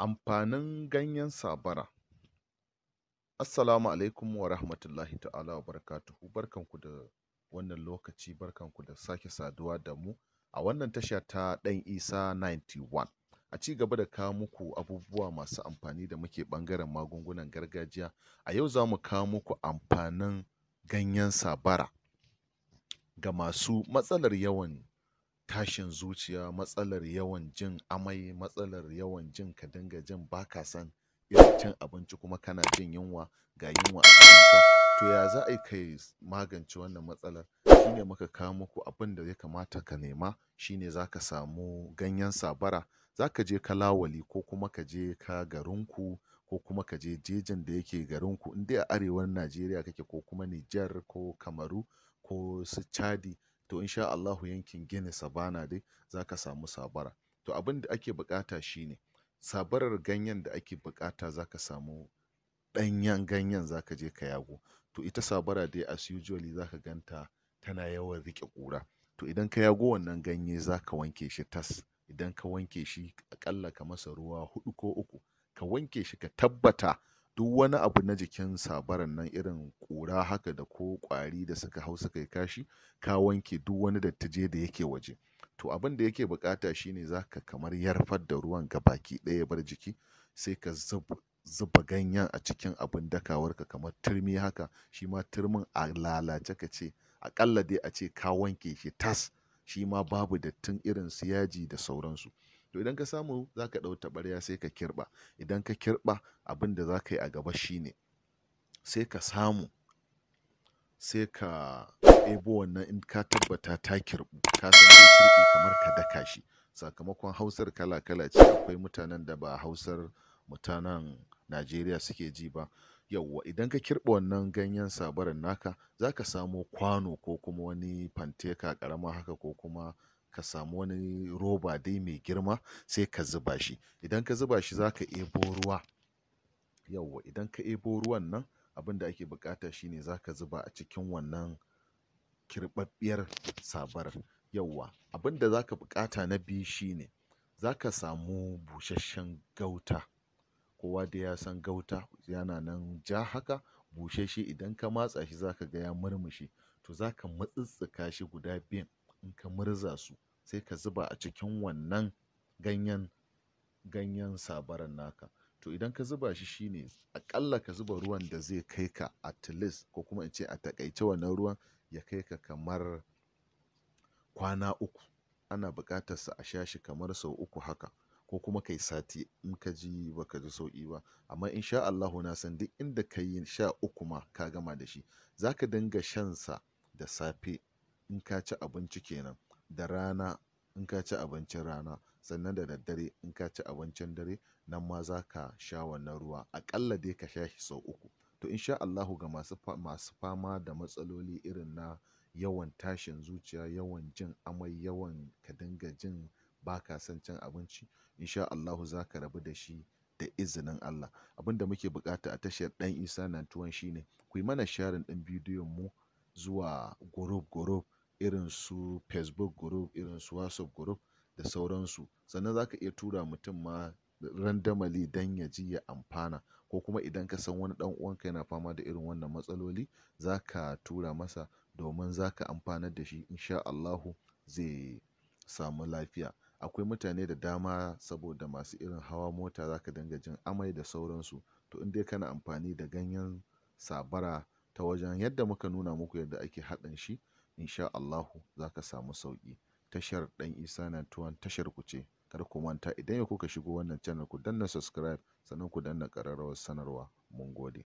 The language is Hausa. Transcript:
Amfanin ganyen sabara. Assalamu alaikum wa rahmatullahi ta'ala wa barakatuhu. Barkanku da wannan lokaci, barkanku da sake saduwa da mu a wannan tasha ta ɗan Isa 91. A ci gaba da kawo muku abubuwa masu amfani da muke ɓangaren magungunan gargajiya. A yau za mu kawo muku amfanin ganyen sabara ga masu matsalar yawan tashin zuciya matsalar yawan jin amai matsalar yawan jin ka dinga jin baka ka son irin cin abinci kuma kana jin yunwa ga yunwa a cikinka to ya za a yi magance wannan matsalar shine muka kawo muku abin da ya kamata ka nema shine za ka samu ganyen sabara za ka je ka lawali ko kuma ka je ka garinku ko kuma ka je jejin da yake garinku in dai a arewan najeriya kake ko kuma nijar ko kamaru ko su chadi to sha Allahu yankin Gini Sabana dai za ka samu sabara to abin da ake buƙata ne, sabarar ganyen da ake buƙata za ka samu ɗanyen ganyen za ka je ka yago to ita sabara dai as usually za ka ganta tana yawan riƙe ƙura to idan ka yago wannan ganye za ka wanke shi tas idan ka wanke shi aƙalla ka masa ruwa hudu ko uku ka wanke shi ka tabbata duk wani abu na jikin sabaran nan irin ƙura haka da ko ƙwari da suka hau suka yi kashi ka wanke duk wani dattije da yake waje to abin da yake buƙata shine za ka kamar yarfar da ruwan baki ɗaya ya bar jiki sai ka zuba ganyen a cikin abin dakawar ka kamar turmi haka shi ma turmin a lalace ka ce aƙalla dai a ce ka wanke shi tas shi ma babu dattin irin su yaji da sauransu to idan ka samu za ka ɗau taɓarya sai ka kirɓa idan ka kirɓa abin da za ka yi a gaba shine sai ka samu sai ka ɗebo wannan in ka tabbata ta kirɓu ka san zai kirɓi kamar ka daka shi sakamakon hausar kala-kala ce akwai mutanen da ba hausar mutanen najeriya suke ji ba yauwa idan ka kirɓa wannan ganyen sabarin naka za ka samo kwano ko kuma wani fanteka ƙarama haka ko kuma ka samu wani roba dai mai girma sai ka zuba shi idan ka zuba shi za ka ebo ruwa yauwa idan ka ebo ruwan nan abin da ake buƙata shine za ka zuba a cikin wannan kirɓaɓɓiyar sabar yauwa abin da za ka buƙata na biyu shine za ka samu busasshen gauta kowa da ya san gauta yana nan ja haka busasshe idan ka matsa shi za ka ga ya murmushe to za ka shi guda biyun in ka murza su sai ka zuba a cikin wannan ganyen ganyen sabaran naka to idan ka zuba shi shine aƙalla ka zuba ruwan da zai kai ka at least ko kuma in ce a takaice wannan ruwan ya kai ka kamar kwana uku ana buƙatar sa a sha shi kamar sau uku haka ko kuma kai sati in ka ji baka ji sauƙi ba amma insha Allahu na san duk inda ka yi sha uku ma ka gama da shi zaka dinga shan sa da safe in ka ci abinci kenan da rana in ka ci abincin rana sannan da daddare in ka ci abincin dare nan ma za ka sha wannan ruwa aƙalla dai ka sha shi sau uku to sha Allahu ga masu fama da matsaloli irin na yawan tashin zuciya yawan jin amai yawan ka dinga jin ba ka son cin abinci sha Allahu za ka rabu da shi da izinin Allah abin da muke bukata a tashar ɗan isa nan tuwon shine ku yi mana sharing ɗin bidiyon mu zuwa group group irin su Facebook group, irin su WhatsApp group da sauransu. Sannan za ka iya tura mutum ma randomly don ya ji ya amfana ko kuma idan ka san wani dan uwanka yana fama da irin wannan matsaloli za ka tura masa domin za ka amfanar da shi insha Allahu zai samu lafiya. Akwai mutane da dama saboda masu irin hawa mota za ka dinga jin amai da sauransu. To in dai kana amfani da ganyen sabara ta wajen yadda muka nuna muku yadda ake haɗin shi insha Allahu za ka samu sauƙi. Tashar Ɗan Isa tuwon tashar ku ce. Kar ku manta idan yau kuka shigo wannan channel ku danna subscribe sannan ku danna ƙararrawar sanarwa. Mun gode.